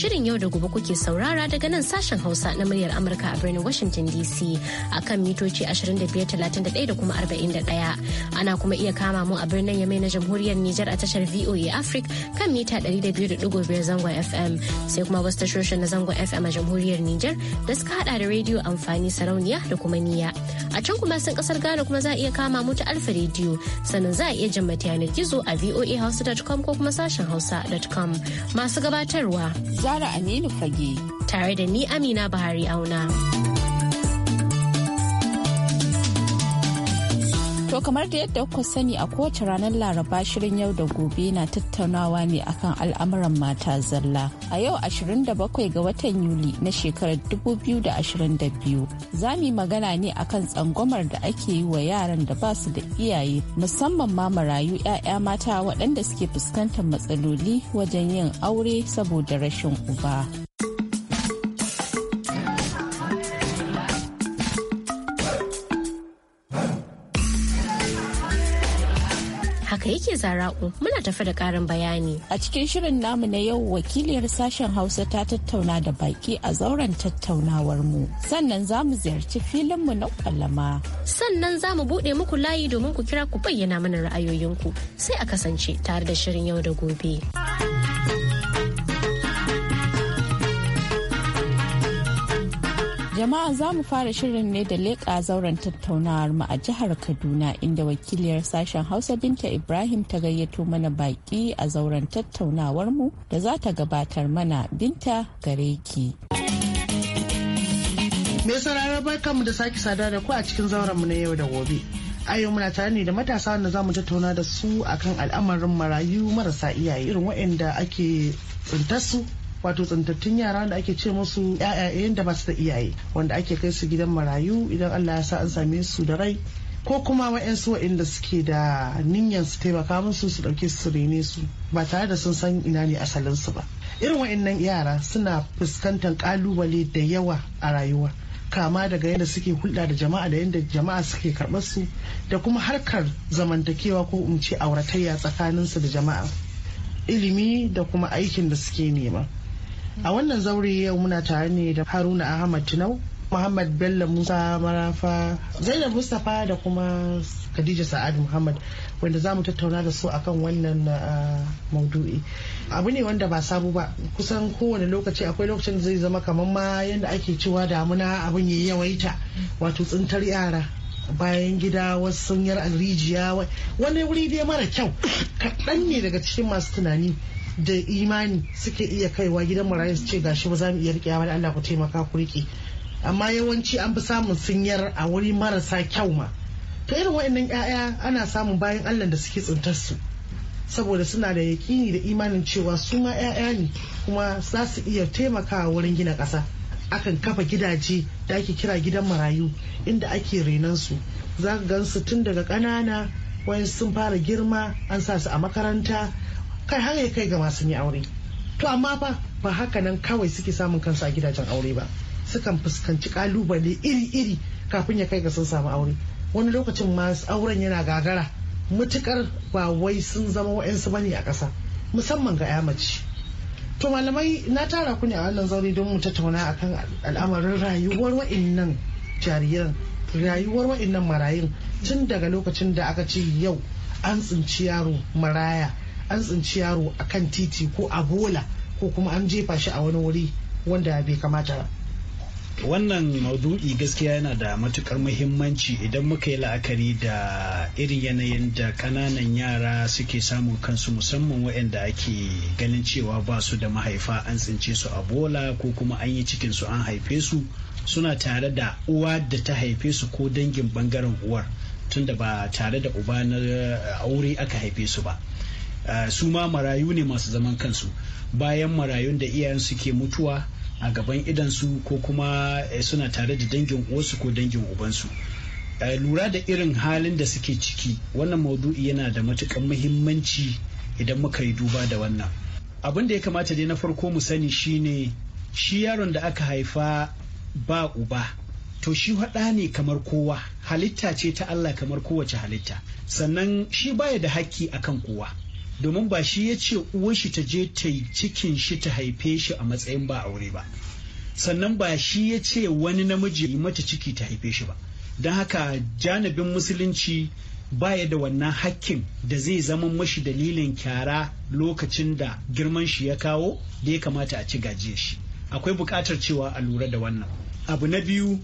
Shirin yau da gobe kuke saurara daga nan sashen Hausa na muryar Amurka a birnin Washington DC akan mitoci 2531 da kuma 41. Ana kuma iya kama mu a birnin Yamai na Jamhuriyar Nijar a tashar VOA Africa kan mita 200.5 zangon FM sai kuma wasu tashoshin na zangon FM a Jamhuriyar Nijar da suka hada da rediyo amfani sarauniya da kuma niya. A can kuma sun kasar Ghana kuma za a iya kama mu ta Alfa rediyo sannan za a iya jin mata yanar gizo a voahausa.com ko kuma sashen hausa.com masu gabatarwa. Zara Aminu Fage. Tare da ni Amina Buhari Auna. To kamar da yadda kuka sani a kowace ranar Laraba shirin yau da gobe na tattaunawa ne akan al'amuran mata zalla. A yau 27 ga watan Yuli na shekarar 2022 za mu yi magana ne akan tsangwamar da ake yi wa yaran da ba su da iyaye musamman ma marayu 'ya'ya mata waɗanda suke fuskantar matsaloli wajen yin aure saboda rashin uba. da yake zara'u muna tafi da karin bayani. A cikin shirin namu na yau wakiliyar sashen Hausa ta tattauna da baki a zauren tattaunawar mu. Sannan za mu ziyarci filin mu na kwalama. Sannan za mu buɗe muku layi domin ku kira ku bayyana mana ra'ayoyinku. Sai a kasance tare da shirin yau da gobe. Jama'a za mu fara shirin ne da leƙa zauren tattaunawar mu a jihar Kaduna inda wakiliyar sashen Hausa Binta Ibrahim ta gayyato mana baƙi a zauren tattaunawar mu da za ta gabatar mana Binta Gareki. Me sauraro barkanmu da sake sada da ku a cikin zauren mu na yau da gobe. A yau muna tare ne da matasa wanda za mu tattauna da su akan al'amarin marayu marasa iyaye irin waɗanda ake su. wato tsantattun yara da ake ce musu yayayen da ba su da iyaye wanda ake kai su gidan marayu idan Allah ya sa an same su da rai ko kuma wa'yansu waɗanda suke da niyyar su taimaka musu su dauke su rene su ba tare da sun san ina ne asalin su ba irin wa'annan yara suna fuskantar ƙalubale da yawa a rayuwa kama daga yadda suke hulɗa da jama'a da yadda jama'a suke karɓar su da kuma harkar zamantakewa ko in auratayya tsakaninsu da jama'a ilimi da kuma aikin da suke nema A wannan zaure yau muna tare ne da Haruna Ahmad Tinau, Muhammad Bello Musa Marafa, Zainab Mustapha da kuma Khadija Sa'ad Muhammad wanda za mu tattauna da su akan wannan uh, maudu'i. Abu ne wanda ba sabu ba kusan kowane lokaci akwai lokacin da zai zama kamar ma yadda ake cewa damuna abin ya yawaita wato tsintar yara. bayan gida wasu sun yar rijiya wani wuri dai mara kyau kaɗan ne daga cikin masu tunani da imani suke iya kaiwa gidan marayu su ce gashi ba za mu iya rike ba da Allah ku taimaka ku rike amma yawanci an fi samun sunyar a wuri marasa kyau ma to irin wa'annan ƴaƴa ana samun bayan Allah da suke tsintar su saboda suna da yakini da imanin cewa su ma ƴaƴa ne kuma za su iya taimakawa wurin gina ƙasa akan kafa gidaje da ake kira gidan marayu inda ake renon su za ka gan su tun daga ƙanana wayan sun fara girma an sa su a makaranta kai har ya kai ga masu yi aure to amma fa ba haka nan kawai suke samun kansu a gidajen aure ba sukan fuskanci kalubale iri-iri kafin ya kai ga sun samu aure wani lokacin masu auren yana gagara mutukar ba wai sun zama wa'yansu ne a ƙasa musamman ga 'ya mace To malamai na tara ku ne a wannan zaune don mu tattauna akan al'amarin rayuwar wa'annan jariran rayuwar wa'annan marayun tun daga lokacin da aka ce yau an tsinci yaro maraya an tsinci yaro a kan titi ko a bola ko kuma an jefa shi a wani wuri wanda bai kamata ba wannan maudu'i gaskiya yana da matukar muhimmanci idan muka yi la'akari da irin yanayin da kananan yara suke samun kansu musamman waɗanda ake ganin cewa ba su da mahaifa an tsince su a bola ko kuma an yi cikin su an haife su suna tare da uwa da ta haife su ko dangin bangaren uwar tunda ba tare da uba na aure aka haife su ba su ma marayu ne masu zaman kansu bayan marayun da su ke mutuwa a gaban idansu ko kuma eh, suna tare da dangin uwansu ko dangin ubansu lura da irin halin da suke ciki wannan maudu'i yana da matukan muhimmanci idan muka yi duba da wannan abin da ya kamata dai na farko mu sani shine shi yaron da aka haifa ba uba to shi haɗa ne kamar kowa halitta ce ta Allah kamar kowace halitta sannan shi baya da haƙƙi akan kowa domin ba shi ya ce uwar shi ta je ta yi cikin shi ta haife shi a matsayin ba aure ba sannan ba shi ya ce wani namiji ya yi mata ciki ta haife shi ba don haka janabin musulunci baya da wannan hakkin da zai zama mashi dalilin kyara lokacin da girman shi ya kawo da ya kamata a ci gajiya shi akwai buƙatar cewa a lura da wannan abu na biyu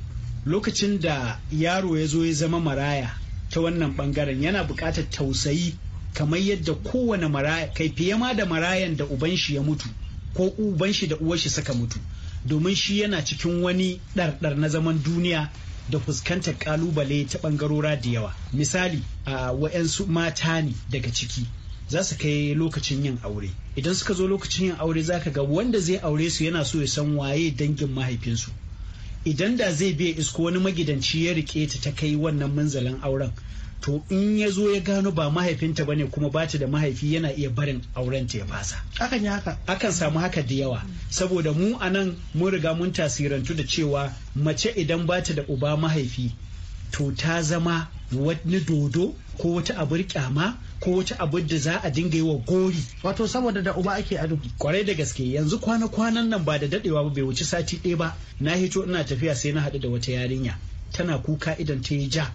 lokacin da yaro ya zo ya zama maraya ta wannan bangaren yana buƙatar tausayi kamar yadda kowane maraya kai fiye ma da marayan da uban shi ya mutu ko uban shi da uwar shi suka mutu domin shi yana cikin wani ɗarɗar na zaman duniya da fuskantar kalubale ta bangarora da yawa misali a wa'yansu mata ne daga ciki za su kai lokacin yin aure idan suka zo lokacin yin aure za ka ga wanda zai aure su yana so ya san waye dangin mahaifinsu idan da zai biya isko wani magidanci ya rike ta ta kai wannan manzalin auren to in ya zo ya gano ba mahaifinta ne kuma ba ta da mahaifi yana iya barin aurenta ya fasa akan yi haka akan samu haka da yawa saboda mu a nan mun riga mun tasirantu da cewa mace idan ba ta da uba mahaifi to ta zama wani dodo ko wata abur kyama ko wata abur da za a dinga yi wa gori wato saboda da uba ake ado kwarai da gaske yanzu kwana-kwanan nan ba da dadewa ba bai wuce sati ɗaya ba na hito ina tafiya sai na haɗu da wata yarinya tana kuka idan ta yi ja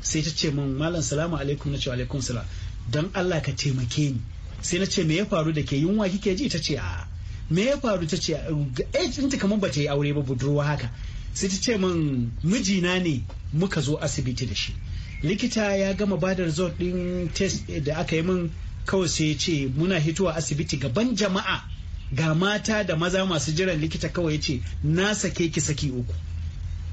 sai ta ce min malam salamu alaikum na ce alaikum salam don Allah ka taimake ni sai na ce me ya faru da ke yunwa kike ji ta ce a me ya faru ta ce age ta kamar ba ta yi aure ba budurwa haka sai ta ce min mijina ne muka zo asibiti da shi likita ya gama bada da result ɗin test da aka yi min kawai sai ya ce muna hitowa asibiti gaban jama'a ga mata da maza masu jiran likita kawai ya ce na sake ki saki uku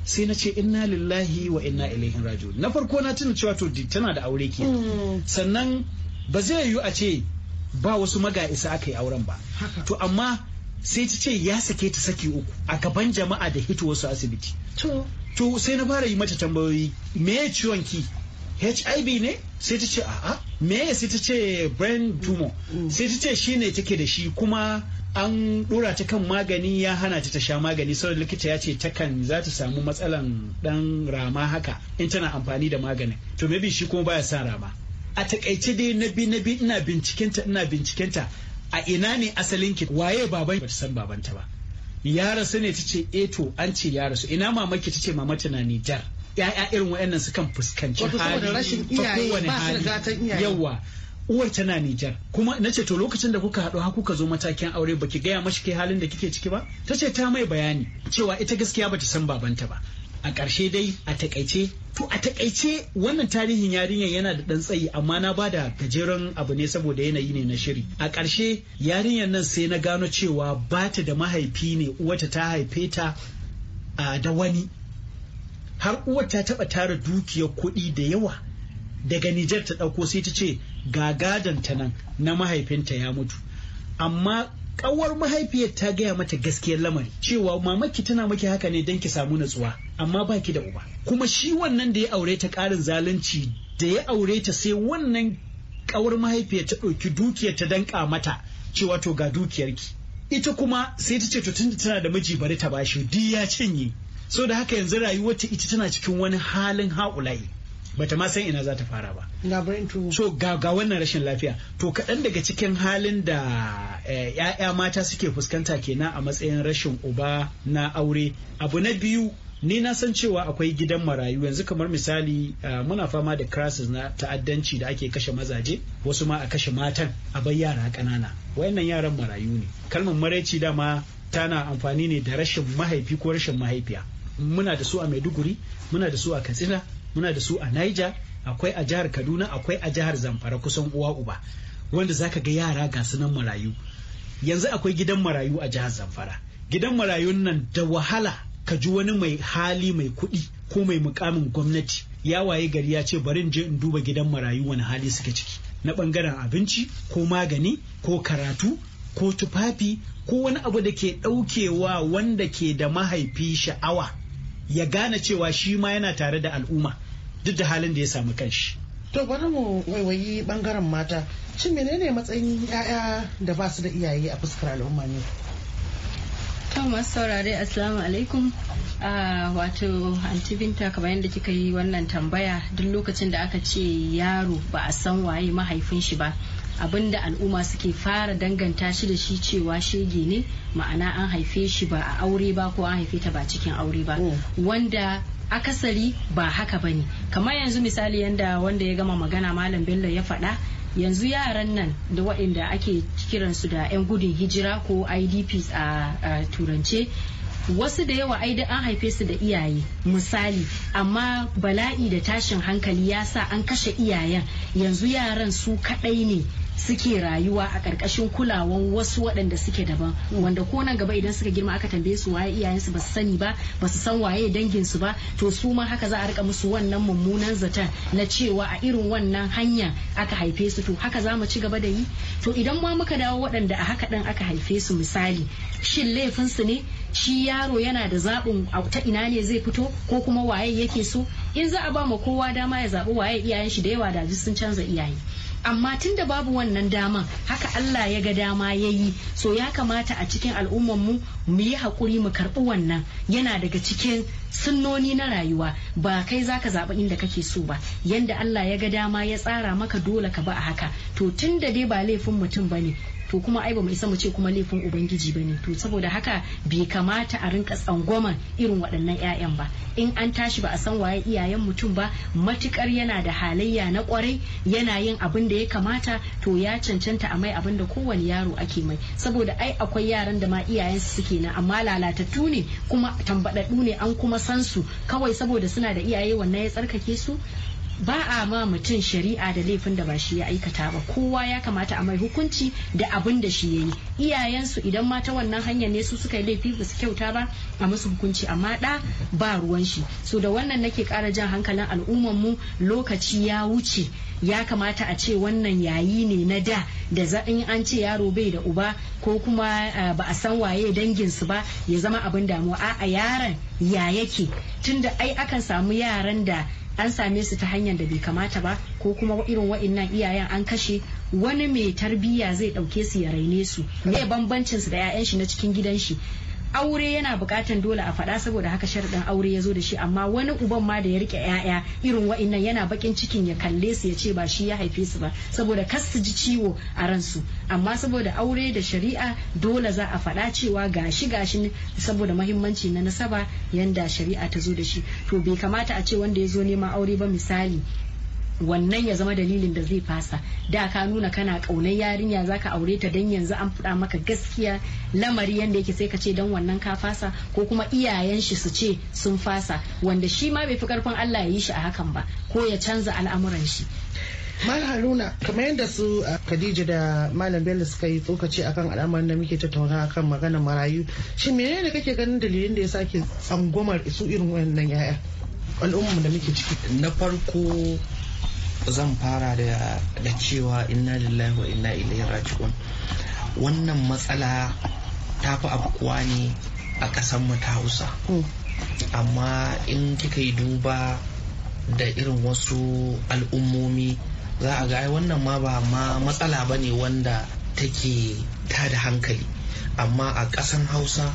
sai na ce inna lillahi wa inna ilaihi raji'un na farko na tuna cewa to tana da aure ke mm. sannan ba zai yiwu a ce ba wasu maga isa aka yi auren ba to amma sai ta ce ya sake ta saki uku a gaban jama'a da hito wasu asibiti to sai na fara yi mata tambayoyi me ciwon ki HIV ne sai ta ce a'a me sai ta ce brain tumor mm. sai ta ce shine take da shi kuma an dora ta kan magani ya hana ta ta sha magani saboda likita ya ce ta kan za ta samu matsalan dan rama haka in tana amfani da maganin to maybe shi kuma baya san rama a takaice dai na bi na bi ina bincikenta ina bincikenta a ina ne asalin ki waye baban ba ta san babanta ba ya rasu ne ta ce eh to an ce ya rasu ina mamaki ta ce mama tana Nijar ya'ya irin waɗannan sukan fuskanci hali ta kowane hali yawa uwar tana Nijar kuma na ce to lokacin da kuka haɗu har kuka zo matakin aure baki gaya mashi kai halin da kike ciki ba ta ce ta mai bayani cewa ita gaskiya bata san babanta ba a ƙarshe dai a takaice to a takaice wannan tarihin yarinyar yana da ɗan tsayi amma na ba da gajeren abu ne saboda yanayi ne na shiri a ƙarshe yarinyar nan sai na gano cewa ba ta da mahaifi ne uwata ta haife ta da wani har uwar ta taɓa tara dukiyar kuɗi da yawa daga Nijar ta ɗauko sai ta ce ga gadonta nan na mahaifinta ya mutu amma kawar mahaifiyar ta gaya mata gaskiyar lamari cewa mamaki tana maki haka ne don ki samu natsuwa amma ba ki da uba kuma shi wannan da ya aure ta karin zalunci da ya aure ta sai wannan kawar mahaifiyar ta ɗauki dukiyar ta danka mata cewa to ga dukiyarki ita kuma sai ta ce to tunda tana da miji bari ta bashi duk ya cinye so da haka yanzu rayuwarta ita tana cikin wani halin haƙulayi bata ma san ina za ta fara ba so ga wannan rashin lafiya to kaɗan daga cikin halin da ‘ya'ya eh, mata suke fuskanta kenan a matsayin rashin uba na aure abu na biyu ni na san cewa akwai gidan marayu yanzu kamar misali eh, muna fama da crisis na ta'addanci da ake kashe mazaje wasu ma a kashe matan a bai yara ƙanana wayannan yaran marayu ne kalmar maraici dama tana amfani ne da rashin mahaifi ko rashin mahaifiya muna da su a maiduguri muna da su a katsina muna da su a Niger akwai a jihar Kaduna akwai a jihar Zamfara kusan uwa uba wanda zaka ga yara ga sunan marayu yanzu akwai gidan marayu a jihar Zamfara gidan marayun nan da wahala ka ji wani mai hali mai kuɗi ko mai mukamin gwamnati ya waye gari ya ce bari n je in duba gidan marayu wani hali suke ciki na bangaren abinci ko magani ko karatu ko tufafi ko wani abu da ke daukewa wanda ke da mahaifi sha'awa ya gane cewa shi ma yana tare da al'umma duk da halin da ya samu kanshi. To bari mu waiwayi bangaren mata. cin menene matsayin 'ya'ya da ba su da iyaye a fuskar al'umma ne? To masu saurare Assalamu alaikum. Ah, wato anti binta kamar yadda kika yi wannan tambaya duk lokacin da aka ce yaro ba a san waye mahaifin shi ba Abin da al'umma suke fara danganta shi da shi cewa shege ne ma'ana an haife shi ba a aure ba ko an haife ta ba cikin aure ba mm. wanda akasari ba haka bane kamar yanzu misali yanda wanda ya gama magana malam bello ya faɗa yanzu yaran nan da waɗanda ake kiransu da 'yan gudun hijira ko idps a turance wasu da yawa ai an haife su da iyaye misali amma bala'i da tashin hankali ya sa an kashe iyayen yanzu yaran su kaɗai ne suke rayuwa a ƙarƙashin kulawan wasu waɗanda suke daban wanda ko nan gaba idan suka girma aka tambaye su waye iyayensu ba su sani ba ba su san waye danginsu ba to su ma haka za a rika musu wannan mummunan zaton na cewa a irin wannan hanya aka haife su to haka za mu ci gaba da yi to idan ma muka dawo waɗanda a haka ɗin aka haife su misali shin laifinsu ne shi yaro yana da zaɓin ta ina ne zai fito ko kuma waye yake so in za a ba ma kowa dama ya zaɓi waye iyayen shi da yawa da sun canza iyaye amma tun da babu wannan daman haka Allah ya ga dama ya yi so ya kamata a cikin al'ummanmu mu mu yi haƙuri mu karɓi wannan yana daga cikin sunnoni na rayuwa ba kai za ka zaɓi inda kake so ba yanda Allah ya ga dama ya tsara maka dole ka ba a haka to tunda dai ba laifin mutum ba ne. to kuma ai ba mu isa mu ce kuma laifin ubangiji bane to saboda haka bai kamata a rinka tsangwaman irin waɗannan ƴaƴan ba in an tashi ba a san waye iyayen mutum ba matukar yana da halayya na kwarai yana yin abin da ya kamata to ya cancanta a mai abin da kowane yaro ake mai saboda ai akwai yaran da ma iyayen su suke na amma lalatattu ne kuma tambadaddu ne an kuma san su kawai saboda suna da iyaye wannan ya tsarkake su ba a ma mutum shari'a da laifin da ba shi ya aikata ba kowa ya kamata a mai hukunci da abin da shi ya yi iyayensu idan ma ta wannan hanyar ne su suka yi laifi ba su kyauta ba a musu hukunci amma da ba ruwan shi so da wannan nake kara jan hankalin al'ummar mu lokaci ya wuce ya kamata a ce wannan yayi ne na da da za in an ce yaro bai da uba ko kuma ba a san waye dangin su ba ya zama abin damuwa a'a yaran ya yake tunda ai akan samu yaran da an same su ta hanyar da bai kamata ba ko kuma irin wa'innan iyayen an kashe wani mai tarbiyya zai dauke su ya raine su me bambancin su da 'ya'yan shi na cikin gidan shi aure yana bukatan dole a faɗa saboda haka sharɗin aure ya zo da shi amma wani uban ma da ya rike 'ya'ya irin wa'innan yana bakin cikin ya kalle su ya ce ba shi ya haife su ba saboda kas su ji ciwo a ransu amma saboda aure da shari'a dole za a faɗa cewa gashi gashi saboda mahimmanci na nasaba yanda shari'a ta zo da shi to bai kamata a ce wanda ya zo neman aure ba misali wannan ya zama dalilin da zai fasa da ka nuna kana kaunar yarinya zaka aure ta dan yanzu an faɗa maka gaskiya lamari yadda yake sai ka ce dan wannan ka fasa ko kuma iyayen shi su ce sun fasa wanda shi ma bai fi karfin Allah ya yi shi a hakan ba ko ya canza al'amuran shi Mal Haruna kamar yadda su uh, Khadija da Malam Bello suka yi tsokaci akan al'amarin da muke tattauna akan maganar marayu shin menene kake ganin dalilin da ya sake tsangwamar su irin wannan yaya al'ummar da muke ciki na farko zan fara da cewa inna lillahi wa inna ilaihi raji'un wannan matsala ta fi afkuwa ne a ƙasanmu ta hausa mm. amma in kika yi duba da irin wasu al'ummomi za a ga wannan ma ba ma matsala bane wanda take ta da hankali amma a ƙasan hausa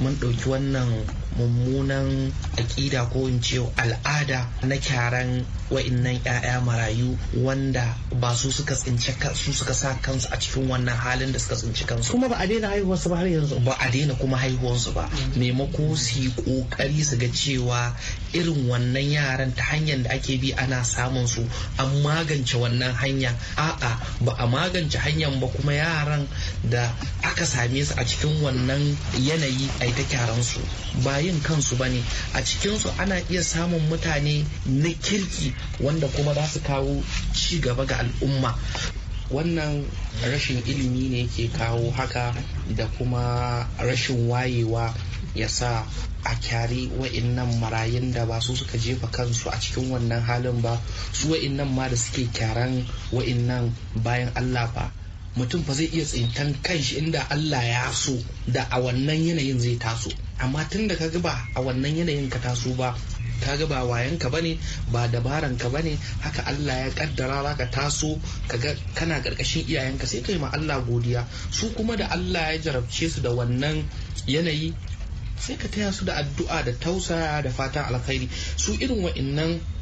mun ɗauki wannan mummunan aƙida ko in ce al'ada na kyaran wa'innan 'ya'ya marayu wanda ba su suka tsinci su suka sa kansu a cikin wannan halin da suka tsinci kansu kuma ba a daina haihuwarsu ba har yanzu ba a daina kuma haihuwarsu ba mm. maimako su yi kokari su ga cewa irin wannan yaran ta hanyar da ake bi ana samun su an magance wannan hanya a'a ba a magance hanyar ba kuma yaran da aka same su a cikin wannan yanayi a ita kyaransu ba yin kansu ba ne a cikinsu ana iya samun mutane na kirki wanda kuma za su kawo ci gaba ga al'umma wannan rashin ilimi ne ke kawo haka da kuma rashin wayewa ya sa a kyari wa'innan marayun da ba su suka jefa kansu a cikin wannan halin ba su wa'innan ma da suke kyaran wa'innan bayan allah ba mutum fa zai iya tsintan kanshi inda Allah ya so da a wannan yanayin zai taso amma tun da kaga ba a wannan yanayin ka taso ba kaga ba wayanka bane ba dabaran ka bane haka Allah ya kaddara zaka taso kaga kana karkashin ka sai kai ma Allah godiya su kuma da Allah ya jarabce su da wannan yanayi sai ka taya su da addu'a da tausaya da fatan alkhairi su irin wa'annan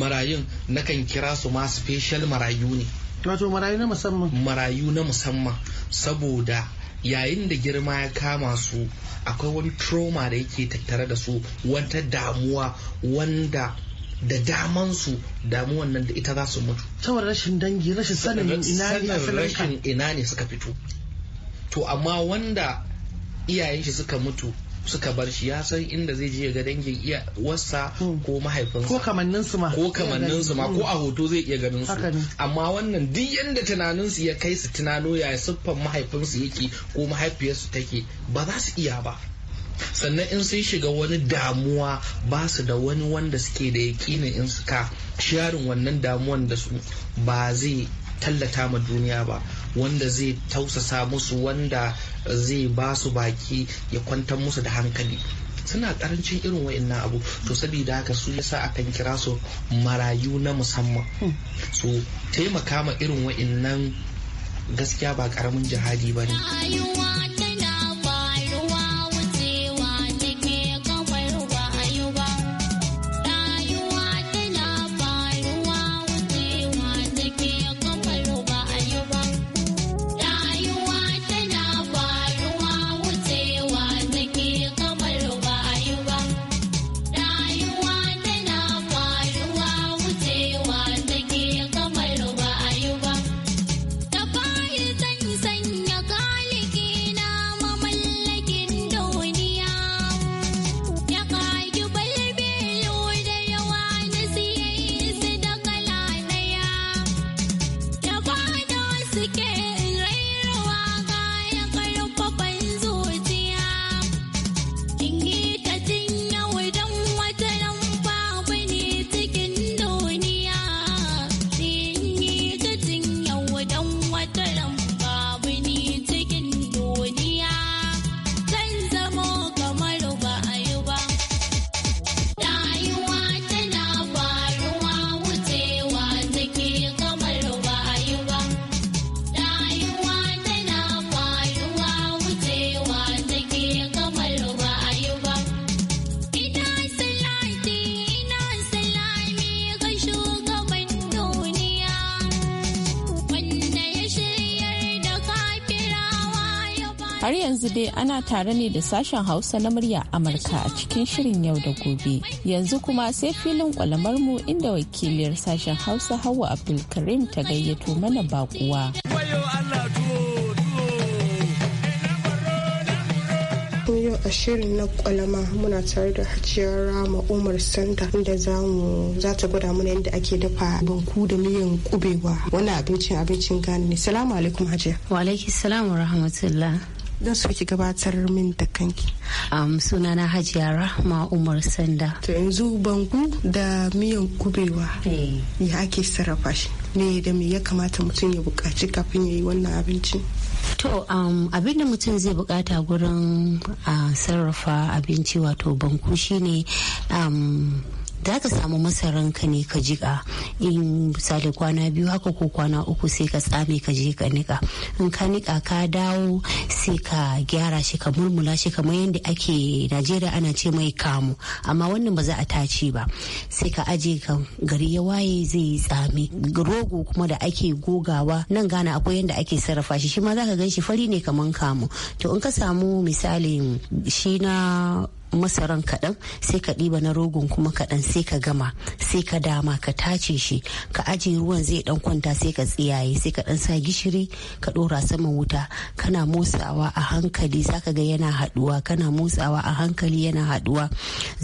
marayun nakan kira su ma special marayu ne wato marayu na musamman marayu na musamman saboda yayin da girma ya kama su akwai wani trauma da yake tattare da su wata damuwa wanda da damansu damuwan nan da ita za su mutu saboda rashin dangi rashin sanin ina ne rashin ina ne suka fito to amma wanda iyayen shi suka mutu suka bar shi ya san inda zai je ga dangin iya wasa hmm. ko mahaifinsa ko kamannin su ma ko kamannin su ma ko a hmm. hoto zai iya ganin su amma wannan duk yanda tunanin su ya kai su tunano ya siffan mahaifinsu yake ko mahaifiyarsu take ba za su iya ba sannan in sun shiga wani damuwa ba su da wani wanda suke da ne in suka sharin wannan damuwan da su ba zai tallata ma duniya ba wanda zai tausasa musu wanda zai ba su baki ya kwantar musu da hankali suna karancin irin na abu to saboda haka su yasa akan kira su marayu na musamman so taimaka ma irin nan gaskiya ba karamin jihadi ba ne Har yanzu dai ana tare ne da sashen Hausa na murya Amurka a cikin shirin yau da gobe. Yanzu kuma sai filin mu inda wakiliyar sashen Hausa hawa Abdulkarim ta gayyato mana bakuwa. yau a shirin na kwalama muna tare da hajiyar rama umar sanda inda za mu za ta gwada mana yadda ake dafa banku da miyan kubewa wani abincin abincin gani ne salamu alaikum hajiya wa alaikis salam wa rahmatullah don su ki gabatar min da kanki. Um, na Hajiya Rahma Umar Sanda. To yanzu bangu da miyan kubewa eh. ya ake sarrafa shi. Me da me ya kamata mutum ya bukaci kafin ya yi wannan abinci? To um, abin da mutum zai bukata gurin uh, sarrafa abinci wato banku shine um, za ka samu masaranka ne ka jiƙa in misali kwana biyu haka ko kwana uku sai ka tsame ka je ka niƙa in ka niƙa ka dawo sai ka gyara shi ka mulmula shi kamar yadda ake najeriya ana ce mai kamu amma wannan ba za a tace ba sai ka aje ka gari ya waye zai yi tsame rogo kuma da ake gogawa nan gana akwai yadda ake sarrafa shi shi ma za ka gan shi fari ne kamar kamu to in ka samu misali shi na masaran kaɗan sai ka ɗiba na rogon kuma kaɗan sai ka gama sai ka dama ka tace shi ka ajiye ruwan zai ɗan kwanta sai ka tsiyaye sai ka ɗan sa gishiri ka ɗora saman wuta kana motsawa a hankali zaka ga yana haɗuwa kana motsawa a hankali yana haɗuwa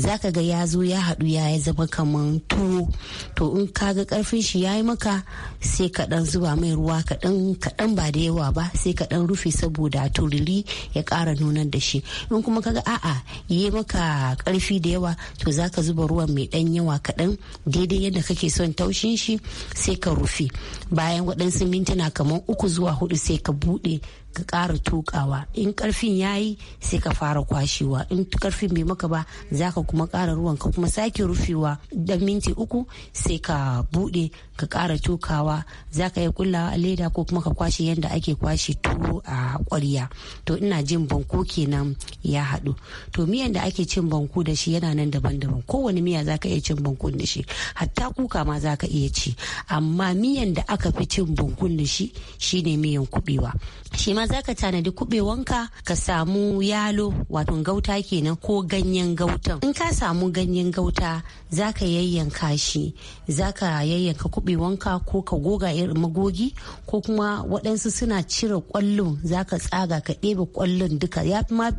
zaka ga ya zo ya haɗu ya zama kaman tuwo to in ka ga ƙarfin shi ya yi maka sai ka ɗan zuba mai ruwa kaɗan kaɗan ba da yawa ba sai ka ɗan rufe saboda tururi ya ƙara nunar da shi in kuma ka ga a'a yi maka karfi da yawa to zaka zuba ruwan mai dan yawa kaɗan daidai yadda kake son taushin shi sai ka rufe bayan waɗansu mintuna kamar uku zuwa hudu sai ka buɗe ka ƙara tukawa in karfin yi sai ka fara kwashewa in karfin bai maka ba za ka kuma ƙara ruwan ka kuma sake rufewa dan minti uku sai ka buɗe ka ƙara tukawa za ka yi kullawa a leda ko kuma ka kwashe yadda ake kwashe tuwo a ƙwarya to ina jin banko kenan ya haɗu to miyan da ake cin banko da shi yana nan daban-daban kowane miya za ka iya cin banko da shi hatta kuka ma za ka iya ci amma miyan da aka fi cin banko da shi shine miyan kuɓewa shi za ka tanadi kuɓewanka ka samu yalo wato gauta kenan ko ganyen gautan in ka samu ganyen gauta za ka yayyanka shi za ka yayyanka kubewanka ko ka goga irin magogi ko kuma waɗansu suna cire ƙwallon za ka tsaga ka ɗebe ƙwallon duka ya ma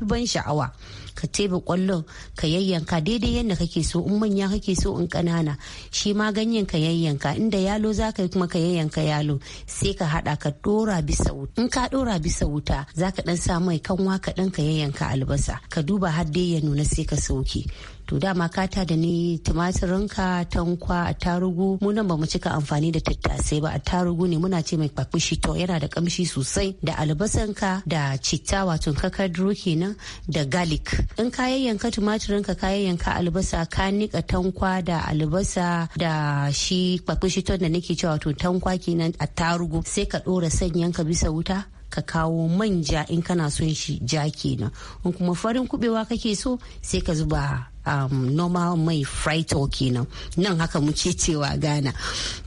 ban sha'awa ka tebe ƙwallon ka yayyanka daidai yadda kake so in manya kake so in ƙanana shi ma ganyen ka yayyanka inda yalo za ka yi kuma ka yayyanka yalo sai ka haɗa ka ɗora bisa wuta in ka ka dora bisa wuta zaka dan sa mai kanwa ka dan ka yayyanka albasa ka duba har dai ya nuna sai ka sauke to dama ka ta da ni tumatirinka tankwa a tarugu mu nan bamu cika amfani da tattasai ba a tarugu ne muna ce mai kwakwishi to yana da kamshi sosai da albasanka da citta wato kakaduro kenan da garlic in ka yayyanka tumatirinka ka yayyanka albasa ka nika tankwa da albasa da shi kwakwishi to da nake cewa to tankwa kenan a tarugu sai ka dora sanyanka bisa wuta ka kawo manja in kana son shi ja kenan in kuma farin kubewa kake so sai ka zuba um, normal mai frito kenan nan haka muke cewa gana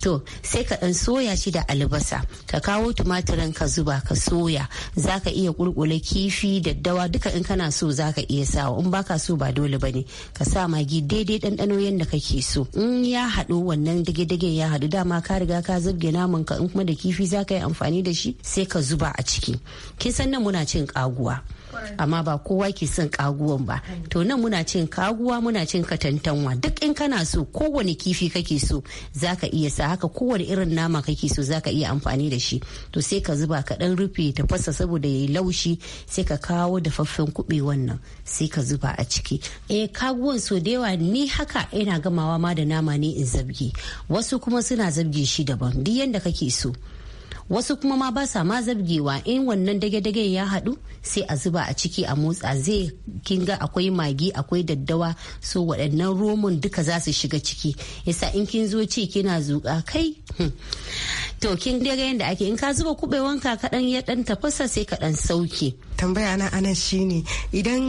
to sai ka dan soya shi da albasa ka kawo tumatirin ka zuba ka soya zaka iya kurkula kifi da dawa duka in kana so zaka iya sawa in baka so ba dole bane ka sa magi daidai ɗanɗano yadda kake so in ya haɗu wannan dage-dage ya haɗu dama ka riga ka zubge naman ka in kuma da kifi zaka yi amfani da shi sai ka zuba a ciki kin san nan muna cin kaguwa amma ba kowa ke son kaguwan ba to nan muna cin kaguwa muna cin katantanwa duk in kana so kowane kifi kake so zaka iya sa haka kowane irin nama kake so zaka iya amfani da shi to sai ka zuba ka dan rufe ta fasa saboda yayi laushi sai ka kawo dafaffen kube wannan sai ka zuba a ciki eh kaguwan so da yawa ni haka ina gamawa ma da nama ne in zabge wasu kuma suna zabge shi daban duk yanda kake so wasu kuma ma ba sa ma zabgewa in wannan dage dagen ya haɗu sai a zuba a ciki a motsa zai kinga akwai magi akwai daddawa so waɗannan romon duka za su shiga ciki yasa in kin zo ci kina zuƙa kai hmm. to kin dage yadda ake in ka zuba wanka kaɗan ya ɗan tafasa sai ka ɗan sauke tambaya na anan shine idan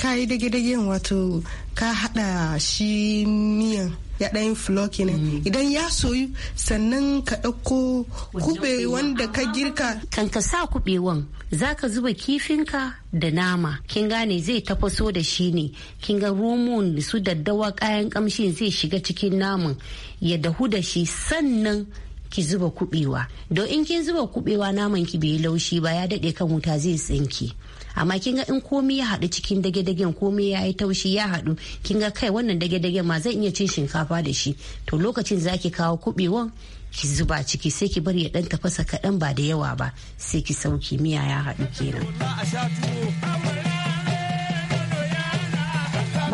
ka yi dage-dagen wato ka haɗa shi miyan ya ɗan floki ne mm. idan ya soyu sannan ka ɗauko kube wanda ka girka kan ka sa kubewan ka zuba kifinka da nama kin gane zai tafaso da shi ne kin ga romon su daddawa kayan kamshin zai shiga cikin naman ya dahu da shi sannan ki zuba kubewa don in kin zuba kubewa naman ki bai laushi ba ya daɗe kan wuta zai tsinki amma kinga ga in komai ya haɗu cikin dage-dagen komai ya yi taushi ya haɗu kinga kai wannan dage-dagen ma zan iya cin shinkafa da shi to lokacin zaki kawo kuɓewan ki zuba ciki sai ki bari ya ɗan tafasa kaɗan ba da yawa ba sai ki sauki miya ya haɗu kenan.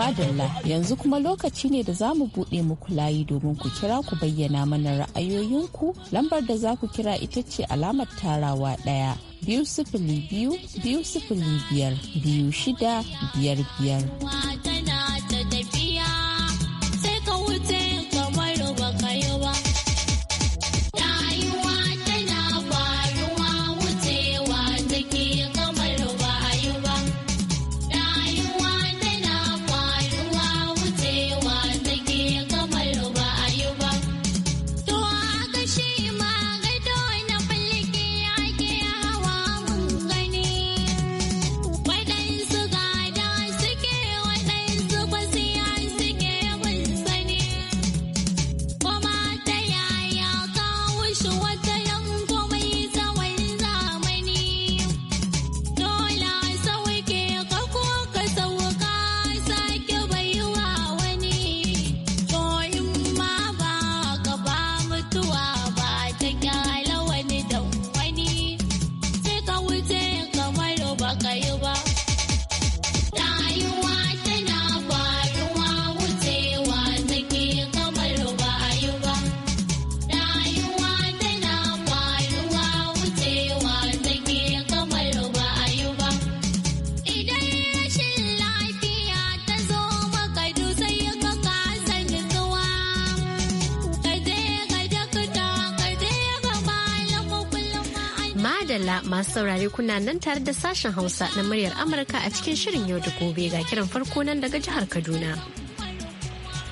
Madalla yanzu kuma lokaci ne da za mu buɗe muku layi domin ku kira ku bayyana mana ra'ayoyinku lambar da za ku kira ita ce alamar tarawa ɗaya biyu sifili biyu biyu sifili biyar biyu shida biyar biyar. Masu saurari kuna nan tare da sashen Hausa na muryar Amurka a cikin shirin yau da gobe ga kiran farko nan daga jihar Kaduna.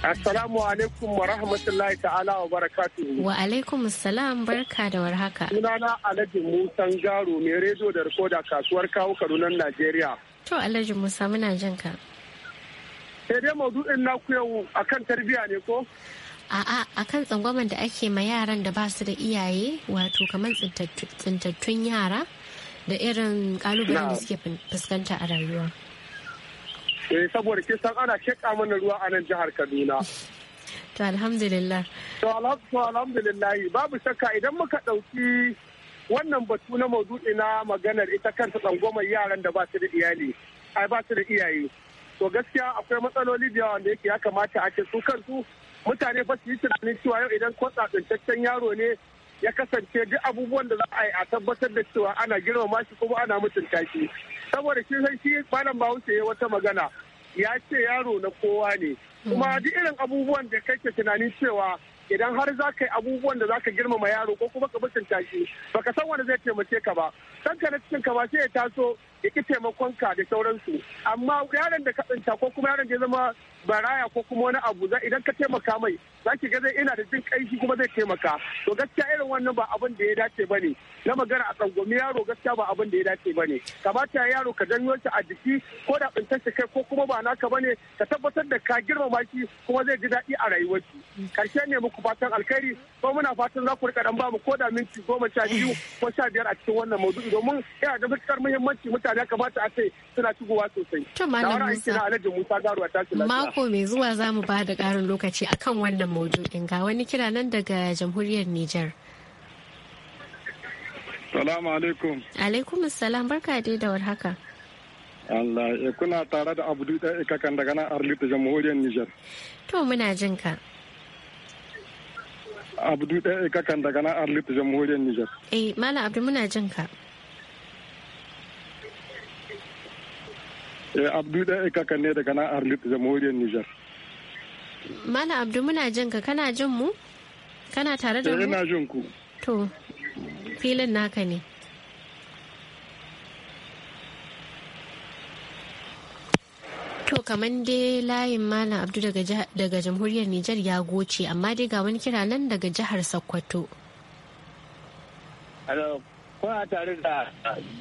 Assalamu alaikum wa rahmatullahi ta'ala wa barakatu. Wa alaikum salam barka da warhaka. Sunana Alhaji Musa Garo mai rediyo da rikoda kasuwar kawo Kadunan Najeriya. To Alhaji Musa muna jin ka. Sai dai maudu'in naku yau akan tarbiyya ne ko? A'a akan tsangwaman da ake ma yaran da ba su da iyaye wato kamar tsintattun yara? da irin kalubalen da suke fuskanta a rayuwa eh saboda kisan san ana sheka mana ruwa a nan jihar Kaduna to alhamdulillah to alhamdulillah babu shakka idan muka dauki wannan batu na maudu'i na maganar ita kanta tsangwamar yaran da ba su da iyali ai ba su da iyaye to gaskiya akwai matsaloli da yawa da yake ya kamata a ce su kansu mutane ba su yi tunanin cewa yau idan ko tsatsantaccen yaro ne ya kasance duk abubuwan da za a yi a tabbatar da cewa ana girmama shi kuma ana mutunta shi saboda shi san shi malam bahaushe ya wata magana ya ce yaro na kowa ne kuma mm. duk irin abubuwan da kake tunanin cewa idan har za ka yi abubuwan da za ka girmama yaro ko kuma ka mutunta shi baka san wani zai taimake ka ba kanka na cikin ka ba sai ya taso yake taimakon ka da sauransu amma yaron da ka tsinta ko kuma yaron da ya zama baraya ko kuma wani abu idan ka taimaka mai za ki ga zai ina da jin kai shi kuma zai taimaka to gaskiya irin wannan ba abin da ya dace ba ne na magana a tsangwami yaro gaskiya ba abin da ya dace ba ne kamata yaro ka janyo shi a jiki ko da tsintar shi kai ko kuma ba naka ba ne ka tabbatar da ka girmama shi kuma zai ji daɗi a rayuwar shi karshe ne muku fatan alkhairi ko muna fatan za ku rika dan ba mu ko da minti goma sha biyu ko sha biyar a cikin wannan maudu'i domin yana da matuƙar muhimmanci mutane mutane kamata a ce suna cigowa sosai. To Malam Musa. Musa Garuwa ta Mako mai zuwa za mu ba da ƙarin lokaci akan wannan maudu'in ga wani kira nan daga jamhuriyar Nijar. Salamu alaikum. Alaikum salam barka dai da warhaka. Allah ya eh, kuna tare da Abdu da kakan daga nan Arlita jamhuriyar Nijar. To muna jin ka. Abdu da ikakan daga nan Arlita jamhuriyar Nijar. Eh Malam Abdu muna jin ka. Eh, abdu da kakan ne daga nan arlit jamhuriyar nijar mala abdu muna jin ka kana jin mu kana tare da eh, mu ina jin ku to filin naka ne To kamar dai layin Malam Abdu daga jamhuriyar Nijar ya goce amma dai ga wani kira nan daga jihar Sokoto. Hello, kuna tare da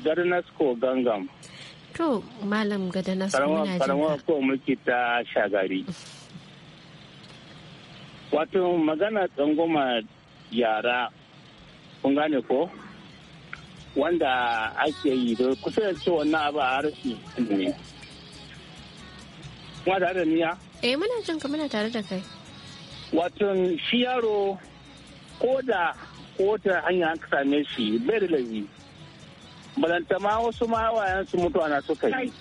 Darnasko Gangam. To, Malam gada na muna Karamar ko mulki ta shagari. Wato magana tsangoma yara, kun gane ko? Wanda ake yi da kusa da ce wannan abu a harshe ne. Kuma da da niya? Eh muna jin ka muna tare da kai. Wato shi yaro ko da ko ta hanya an same shi bai da laifi. balanta ma wasu ma su mutuwa na suka yi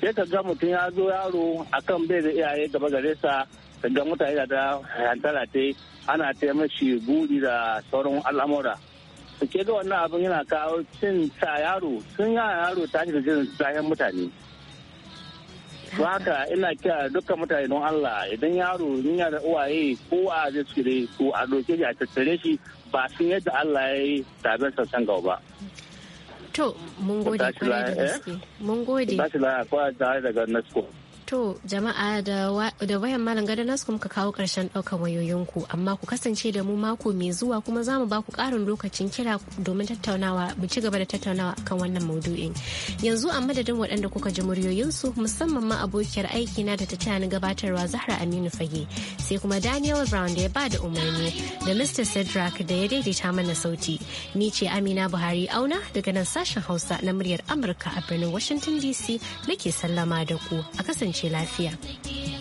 sai ka ga mutum ya zo yaro akan bai da iyaye gaba gare sa ga mutane da hantara ta ana ta mashi guri da sauran al'amura su ke ga wannan abin yana kawo cin sa yaro sun yana yaro ta da jin zayen mutane su haka ina kira dukkan mutane don Allah idan yaro yana da uwaye kowa zai su ko a doke shi a tattare shi ba sun yadda Allah ya yi tabin sassan gaba ba. To, mun gode kwarai da gaske. Mun gode. Ba shi kwa daga Nasko. To jama'a da wayan malam gada nasu kuma ka kawo karshen daukan wayoyinku amma ku kasance da mu mako mai zuwa kuma za mu ba ku karin lokacin kira domin tattaunawa mu ci gaba da tattaunawa akan wannan maudu'in. Yanzu a madadin waɗanda kuka ji muryoyinsu musamman ma abokiyar aiki na da ta taya gabatarwa Zahra Aminu Fage sai kuma Daniel Brown da ya ba da umarni da Mr. Cedric da ya daidaita mana sauti. Ni ce Amina Buhari Auna daga nan sashen Hausa na muryar Amurka a birnin Washington DC nake sallama da ku a kasance kasance lafiya.